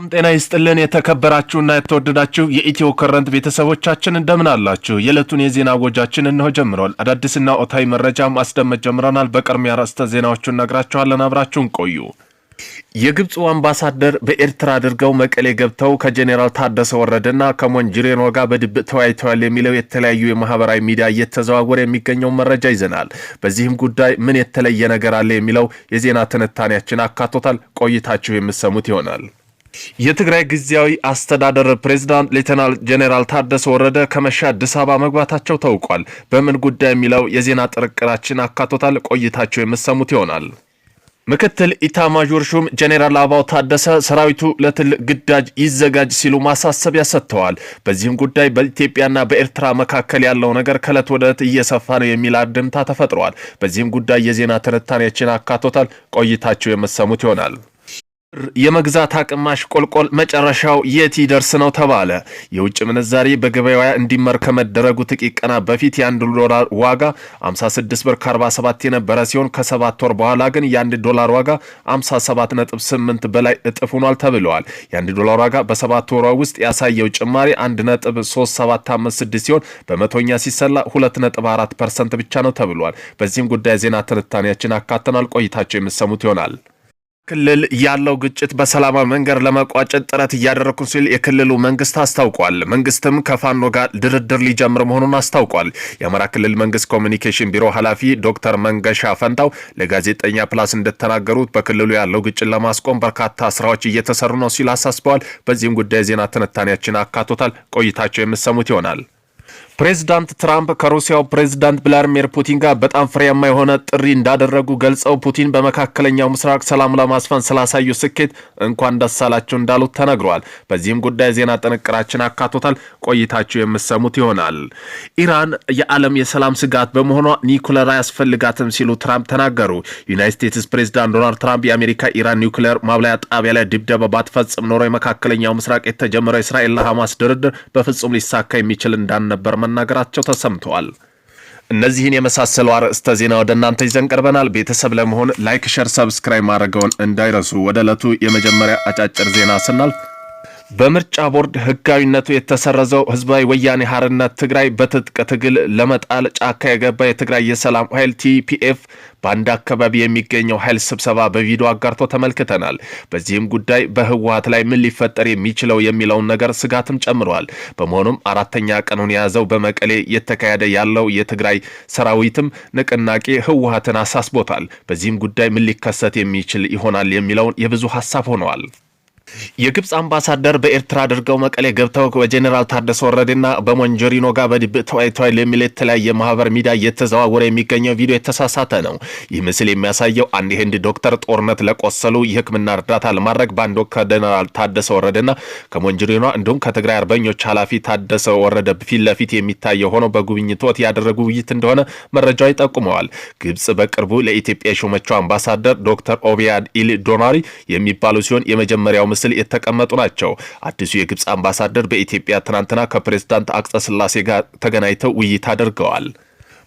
ም ጤና ይስጥልን የተከበራችሁና የተወደዳችሁ የኢትዮ ከረንት ቤተሰቦቻችን እንደምን አላችሁ? የዕለቱን የዜና ጎጃችን እንሆ ጀምሯል። አዳዲስና ኦታዊ መረጃ ማስደመጥ ጀምረናል። በቅድሚያ ርዕሰ ዜናዎቹን ነግራችኋለን። አብራችሁን ቆዩ። የግብፁ አምባሳደር በኤርትራ አድርገው መቀሌ ገብተው ከጄኔራል ታደሰ ወረደና ከሞንጂሪኖ ጋር በድብቅ ተወያይተዋል የሚለው የተለያዩ የማህበራዊ ሚዲያ እየተዘዋወረ የሚገኘው መረጃ ይዘናል። በዚህም ጉዳይ ምን የተለየ ነገር አለ የሚለው የዜና ትንታኔያችን አካቶታል። ቆይታችሁ የምትሰሙት ይሆናል። የትግራይ ጊዜያዊ አስተዳደር ፕሬዚዳንት ሌተናል ጄኔራል ታደሰ ወረደ ከመሻ አዲስ አበባ መግባታቸው ታውቋል። በምን ጉዳይ የሚለው የዜና ጥርቅራችን አካቶታል። ቆይታቸው የምሰሙት ይሆናል። ምክትል ኢታማዦር ሹም ጄኔራል አባው ታደሰ ሰራዊቱ ለትልቅ ግዳጅ ይዘጋጅ ሲሉ ማሳሰቢያ ሰጥተዋል። በዚህም ጉዳይ በኢትዮጵያና በኤርትራ መካከል ያለው ነገር ከእለት ወደ እለት እየሰፋ ነው የሚል አድምታ ተፈጥረዋል። በዚህም ጉዳይ የዜና ትንታኔያችን አካቶታል። ቆይታቸው የምሰሙት ይሆናል። የመግዛት አቅማሽ ቆልቆል መጨረሻው የት ይደርስ ነው ተባለ። የውጭ ምንዛሬ በገበያ እንዲመር ከመደረጉ ጥቂት ቀናት በፊት የአንድ ዶላር ዋጋ 56 ብር ከ47 የነበረ ሲሆን ከሰባት ወር በኋላ ግን የአንድ ዶላር ዋጋ 57.8 በላይ እጥፍ ሆኗል ተብለዋል። የአንድ ዶላር ዋጋ በሰባት ወሯ ውስጥ ያሳየው ጭማሪ 1.3756 ሲሆን በመቶኛ ሲሰላ 2.4 ፐርሰንት ብቻ ነው ተብሏል። በዚህም ጉዳይ ዜና ትንታኔያችን አካተናል። ቆይታቸው የምሰሙት ይሆናል። ክልል ያለው ግጭት በሰላማዊ መንገድ ለመቋጨት ጥረት እያደረግኩን ሲል የክልሉ መንግስት አስታውቋል። መንግስትም ከፋኖ ጋር ድርድር ሊጀምር መሆኑን አስታውቋል። የአማራ ክልል መንግስት ኮሚኒኬሽን ቢሮ ኃላፊ ዶክተር መንገሻ ፈንታው ለጋዜጠኛ ፕላስ እንደተናገሩት በክልሉ ያለው ግጭት ለማስቆም በርካታ ስራዎች እየተሰሩ ነው ሲል አሳስበዋል። በዚህም ጉዳይ ዜና ትንታኔያችን አካቶታል። ቆይታቸው የምሰሙት ይሆናል። ፕሬዚዳንት ትራምፕ ከሩሲያው ፕሬዚዳንት ቭላዲሚር ፑቲን ጋር በጣም ፍሬያማ የሆነ ጥሪ እንዳደረጉ ገልጸው ፑቲን በመካከለኛው ምስራቅ ሰላም ለማስፈን ስላሳዩ ስኬት እንኳን ደስ አላቸው እንዳሉት ተነግሯል። በዚህም ጉዳይ ዜና ጥንቅራችን አካቶታል። ቆይታችሁ የምሰሙት ይሆናል። ኢራን የዓለም የሰላም ስጋት በመሆኗ ኒውክለር አያስፈልጋትም ሲሉ ትራምፕ ተናገሩ። ዩናይት ስቴትስ ፕሬዚዳንት ዶናልድ ትራምፕ የአሜሪካ ኢራን ኒውክለር ማብላያ ጣቢያ ላይ ድብደባ ባትፈጽም ኖሮ የመካከለኛው ምስራቅ የተጀመረው የእስራኤልና ሐማስ ድርድር በፍጹም ሊሳካ የሚችል እንዳልነበር መናገራቸው ተሰምተዋል። እነዚህን የመሳሰሉ አርዕስተ ዜና ወደ እናንተ ይዘን ቀርበናል። ቤተሰብ ለመሆን ላይክ፣ ሸር፣ ሰብስክራይብ ማድረገውን እንዳይረሱ። ወደ ዕለቱ የመጀመሪያ አጫጭር ዜና ስናልፍ በምርጫ ቦርድ ህጋዊነቱ የተሰረዘው ህዝባዊ ወያኔ ሀርነት ትግራይ በትጥቅ ትግል ለመጣል ጫካ የገባ የትግራይ የሰላም ኃይል ቲፒኤፍ በአንድ አካባቢ የሚገኘው ኃይል ስብሰባ በቪዲዮ አጋርቶ ተመልክተናል። በዚህም ጉዳይ በህወሀት ላይ ምን ሊፈጠር የሚችለው የሚለውን ነገር ስጋትም ጨምረዋል። በመሆኑም አራተኛ ቀኑን የያዘው በመቀሌ እየተካሄደ ያለው የትግራይ ሰራዊትም ንቅናቄ ህወሀትን አሳስቦታል። በዚህም ጉዳይ ምን ሊከሰት የሚችል ይሆናል የሚለውን የብዙ ሀሳብ ሆነዋል። የግብፅ አምባሳደር በኤርትራ አድርገው መቀሌ ገብተው በጀኔራል ታደሰ ወረደና በሞንጆሪኖ ጋር በድብቅ ተወያይተዋል የሚል የተለያየ ማህበር ሚዲያ እየተዘዋወረ የሚገኘው ቪዲዮ የተሳሳተ ነው። ይህ ምስል የሚያሳየው አንድ ህንድ ዶክተር ጦርነት ለቆሰሉ የህክምና እርዳታ ለማድረግ በአንድ ወቅት ከጀኔራል ታደሰ ወረደና ከሞንጆሪኖ እንዲሁም ከትግራይ አርበኞች ኃላፊ ታደሰ ወረደ ፊት ለፊት የሚታየው ሆኖ በጉብኝት ወቅት ያደረጉ ውይይት እንደሆነ መረጃው ይጠቁመዋል። ግብፅ በቅርቡ ለኢትዮጵያ የሾመችው አምባሳደር ዶክተር ኦቢያድ ኢል ዶናሪ የሚባሉ ሲሆን የመጀመሪያው ምስል በስዕል የተቀመጡ ናቸው። አዲሱ የግብፅ አምባሳደር በኢትዮጵያ ትናንትና ከፕሬዝዳንት አጽቀ ሥላሴ ጋር ተገናኝተው ውይይት አድርገዋል።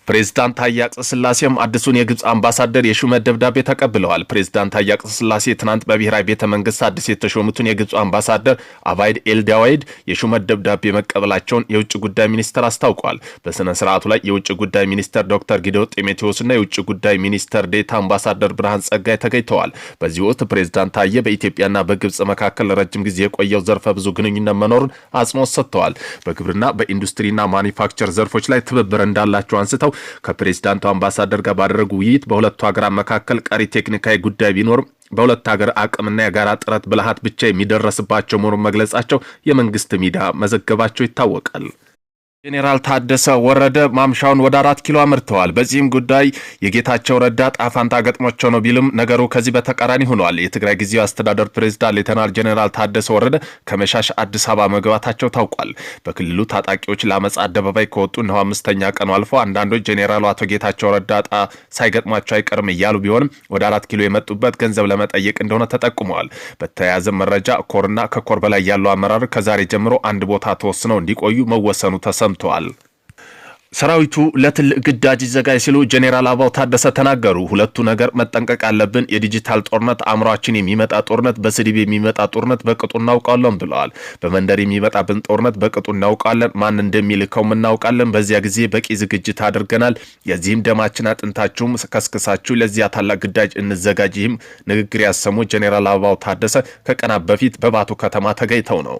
ፕሬዝዳንት ታዬ አጽቀሥላሴም አዲሱን የግብፅ አምባሳደር የሹመት ደብዳቤ ተቀብለዋል። ፕሬዝዳንት ታዬ አጽቀሥላሴ ትናንት በብሔራዊ ቤተ መንግስት አዲስ የተሾሙትን የግብፅ አምባሳደር አባይድ ኤልዳዋይድ የሹመት ደብዳቤ መቀበላቸውን የውጭ ጉዳይ ሚኒስትር አስታውቋል። በሥነ ስርዓቱ ላይ የውጭ ጉዳይ ሚኒስትር ዶክተር ጊዲዮን ጢሞቴዎስና የውጭ ጉዳይ ሚኒስትር ዴታ አምባሳደር ብርሃን ጸጋይ ተገኝተዋል። በዚህ ወቅት ፕሬዝዳንት ታዬ በኢትዮጵያና በግብፅ መካከል ረጅም ጊዜ የቆየው ዘርፈ ብዙ ግንኙነት መኖሩን አጽንኦት ሰጥተዋል። በግብርና በኢንዱስትሪና ማኒፋክቸር ዘርፎች ላይ ትብብር እንዳላቸው አንስተው ከፕሬዚዳንቱ አምባሳደር ጋር ባደረጉ ውይይት በሁለቱ ሀገራት መካከል ቀሪ ቴክኒካዊ ጉዳይ ቢኖርም በሁለት ሀገር አቅምና የጋራ ጥረት ብልሃት ብቻ የሚደረስባቸው መሆኑን መግለጻቸው የመንግስት ሚዲያ መዘገባቸው ይታወቃል። ጄኔራል ታደሰ ወረደ ማምሻውን ወደ አራት ኪሎ አምርተዋል። በዚህም ጉዳይ የጌታቸው ረዳ ጣፋንታ ገጥሟቸው ነው ቢልም ነገሩ ከዚህ በተቃራኒ ሆኗል። የትግራይ ጊዜያዊ አስተዳደር ፕሬዚዳንት ሌተናል ጄኔራል ታደሰ ወረደ ከመሻሽ አዲስ አበባ መግባታቸው ታውቋል። በክልሉ ታጣቂዎች ለአመፅ አደባባይ ከወጡ እነሆ አምስተኛ ቀኑ አልፎ አንዳንዶች ጄኔራሉ አቶ ጌታቸው ረዳ ጣ ሳይገጥሟቸው አይቀርም እያሉ ቢሆንም ወደ አራት ኪሎ የመጡበት ገንዘብ ለመጠየቅ እንደሆነ ተጠቁመዋል። በተያያዘ መረጃ ኮርና ከኮር በላይ ያለው አመራር ከዛሬ ጀምሮ አንድ ቦታ ተወስነው እንዲቆዩ መወሰኑ ተሰምቷል። ተሰምተዋል። ሰራዊቱ ለትልቅ ግዳጅ ይዘጋጅ ሲሉ ጄኔራል አባው ታደሰ ተናገሩ። ሁለቱ ነገር መጠንቀቅ አለብን። የዲጂታል ጦርነት፣ አእምሯችን የሚመጣ ጦርነት፣ በስድብ የሚመጣ ጦርነት በቅጡ እናውቃለን ብለዋል። በመንደር የሚመጣብን ጦርነት በቅጡ እናውቃለን። ማን እንደሚልከውም እናውቃለን። በዚያ ጊዜ በቂ ዝግጅት አድርገናል። የዚህም ደማችን አጥንታችሁም ከስክሳችሁ ለዚያ ታላቅ ግዳጅ እንዘጋጅ። ይህም ንግግር ያሰሙ ጄኔራል አባው ታደሰ ከቀናት በፊት በባቱ ከተማ ተገኝተው ነው።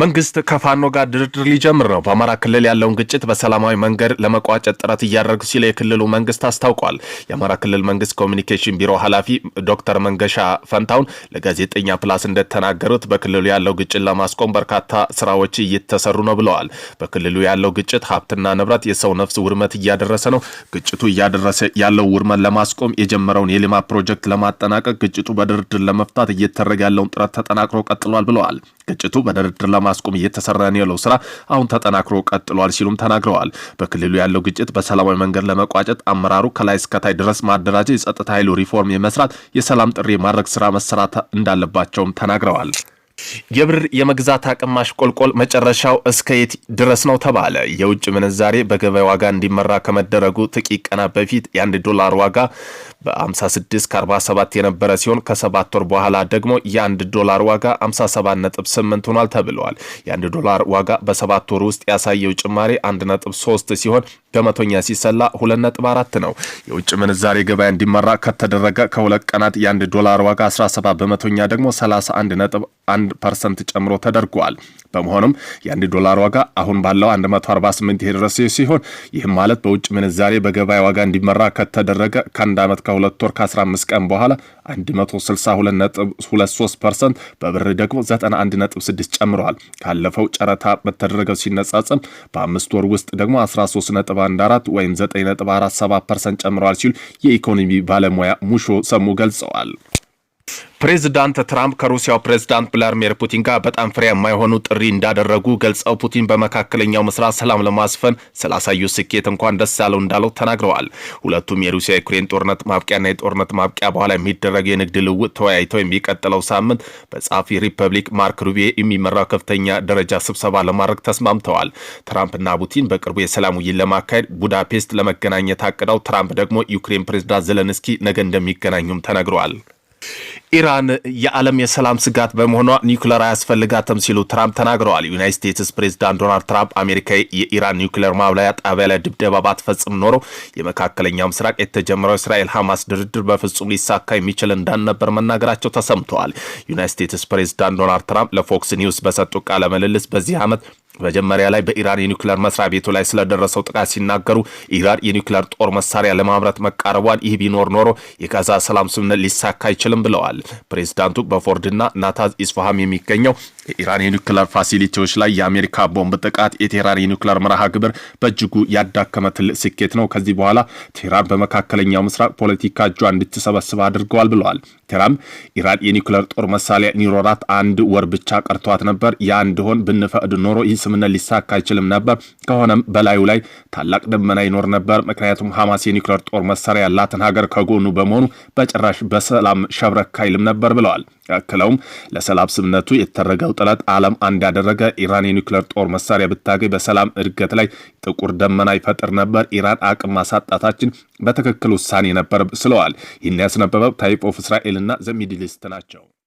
መንግስት ከፋኖ ጋር ድርድር ሊጀምር ነው። በአማራ ክልል ያለውን ግጭት በሰላማዊ መንገድ ለመቋጨት ጥረት እያደረጉ ሲል የክልሉ መንግስት አስታውቋል። የአማራ ክልል መንግስት ኮሚኒኬሽን ቢሮ ኃላፊ ዶክተር መንገሻ ፈንታውን ለጋዜጠኛ ፕላስ እንደተናገሩት በክልሉ ያለው ግጭት ለማስቆም በርካታ ስራዎች እየተሰሩ ነው ብለዋል። በክልሉ ያለው ግጭት ሀብትና ንብረት፣ የሰው ነፍስ ውድመት እያደረሰ ነው። ግጭቱ እያደረሰ ያለው ውድመት ለማስቆም የጀመረውን የልማት ፕሮጀክት ለማጠናቀቅ ግጭቱ በድርድር ለመፍታት እየተደረገ ያለውን ጥረት ተጠናክሮ ቀጥሏል ብለዋል። ግጭቱ በድርድር ለማስቆም እየተሰራ ነው ያለው ስራ አሁን ተጠናክሮ ቀጥሏል ሲሉም ተናግረዋል። በክልሉ ያለው ግጭት በሰላማዊ መንገድ ለመቋጨት አመራሩ ከላይ እስከታይ ድረስ ማደራጀት፣ የጸጥታ ኃይሉ ሪፎርም የመስራት፣ የሰላም ጥሪ የማድረግ ስራ መሰራት እንዳለባቸውም ተናግረዋል። የብር የመግዛት አቅም ማሽቆልቆል መጨረሻው እስከ የት ድረስ ነው ተባለ። የውጭ ምንዛሬ በገበያ ዋጋ እንዲመራ ከመደረጉ ጥቂት ቀናት በፊት የአንድ ዶላር ዋጋ በ56 ከ47 የነበረ ሲሆን ከሰባት ወር በኋላ ደግሞ የአንድ ዶላር ዋጋ 57.8 ሆኗል ተብለዋል። የአንድ ዶላር ዋጋ በሰባት ወር ውስጥ ያሳየው ጭማሪ 1.3 ሲሆን በመቶኛ ሲሰላ 2.4 ነው። የውጭ ምንዛሬ ገበያ እንዲመራ ከተደረገ ከሁለት ቀናት የአንድ ዶላር ዋጋ 17 በመቶኛ ደግሞ 1 ፐርሰንት ጨምሮ ተደርጓል። በመሆኑም የአንድ ዶላር ዋጋ አሁን ባለው 148 የደረሰ ሲሆን ይህም ማለት በውጭ ምንዛሬ በገበያ ዋጋ እንዲመራ ከተደረገ ከአንድ ዓመት ከሁለት ወር ከ15 ቀን በኋላ 1623 ፐርሰንት በብር ደግሞ 91.6 ጨምረዋል። ካለፈው ጨረታ በተደረገው ሲነጻጸም በአምስት ወር ውስጥ ደግሞ 13 0.44 ወይም 9.47 ጨምረዋል ሲሉ የኢኮኖሚ ባለሙያ ሙሾ ሰሙ ገልጸዋል። ፕሬዚዳንት ትራምፕ ከሩሲያው ፕሬዚዳንት ቭላድሚር ፑቲን ጋር በጣም ፍሬ የማይሆኑ ጥሪ እንዳደረጉ ገልጸው ፑቲን በመካከለኛው ምስራቅ ሰላም ለማስፈን ስላሳዩ ስኬት እንኳን ደስ ያለው እንዳለው ተናግረዋል። ሁለቱም የሩሲያ ዩክሬን ጦርነት ማብቂያና የጦርነት ማብቂያ በኋላ የሚደረገው የንግድ ልውውጥ ተወያይተው የሚቀጥለው ሳምንት በጸሐፊ ሪፐብሊክ ማርክ ሩቢዮ የሚመራው ከፍተኛ ደረጃ ስብሰባ ለማድረግ ተስማምተዋል። ትራምፕና ፑቲን በቅርቡ የሰላም ውይይት ለማካሄድ ቡዳፔስት ለመገናኘት አቅደው፣ ትራምፕ ደግሞ ዩክሬን ፕሬዚዳንት ዘለንስኪ ነገ እንደሚገናኙም ተነግረዋል። ኢራን የዓለም የሰላም ስጋት በመሆኗ ኒውክለር አያስፈልጋትም ሲሉ ትራምፕ ተናግረዋል። ዩናይት ስቴትስ ፕሬዚዳንት ዶናልድ ትራምፕ አሜሪካ የኢራን ኒውክለር ማብላያ ጣቢያ ላይ ድብደባ ባትፈጽም ኖሮ የመካከለኛው ምስራቅ የተጀመረው እስራኤል ሐማስ ድርድር በፍጹም ሊሳካ የሚችል እንዳልነበር መናገራቸው ተሰምተዋል። ዩናይት ስቴትስ ፕሬዚዳንት ዶናልድ ትራምፕ ለፎክስ ኒውስ በሰጡ ቃለ ምልልስ በዚህ ዓመት መጀመሪያ ላይ በኢራን የኒውክሌር መስሪያ ቤቱ ላይ ስለደረሰው ጥቃት ሲናገሩ ኢራን የኒውክሌር ጦር መሳሪያ ለማምረት መቃረቧን፣ ይህ ቢኖር ኖሮ የጋዛ ሰላም ስምምነት ሊሳካ አይችልም ብለዋል። ፕሬዚዳንቱ በፎርድና ናታዝ ኢስፋሃም የሚገኘው የኢራን የኒውክለር ፋሲሊቲዎች ላይ የአሜሪካ ቦምብ ጥቃት የቴህራን የኒውክለር መርሃ ግብር በእጅጉ ያዳከመ ትልቅ ስኬት ነው። ከዚህ በኋላ ቴህራን በመካከለኛው ምስራቅ ፖለቲካ እጇ እንድትሰበስብ አድርገዋል ብለዋል። ቴህራን ኢራን የኒውክለር ጦር መሳሪያ ኒሮራት አንድ ወር ብቻ ቀርቷት ነበር። ያ እንዲሆን ብንፈቅድ ኖሮ ይህ ስምነት ሊሳካ አይችልም ነበር። ከሆነም በላዩ ላይ ታላቅ ደመና ይኖር ነበር። ምክንያቱም ሐማስ የኒውክለር ጦር መሳሪያ ያላትን ሀገር ከጎኑ በመሆኑ በጭራሽ በሰላም ሸብረካ አይልም ነበር ብለዋል። አክለውም ለሰላም ስምነቱ የተደረገው ጥረት ዓለም አንድ ያደረገ ኢራን የኒውክሌር ጦር መሳሪያ ብታገኝ በሰላም እድገት ላይ ጥቁር ደመና ይፈጥር ነበር። ኢራን አቅም ማሳጣታችን በትክክል ውሳኔ ነበር ስለዋል። ይህን ያስነበበው ታይፕ ኦፍ እስራኤልና ዘሚድሊስት ናቸው።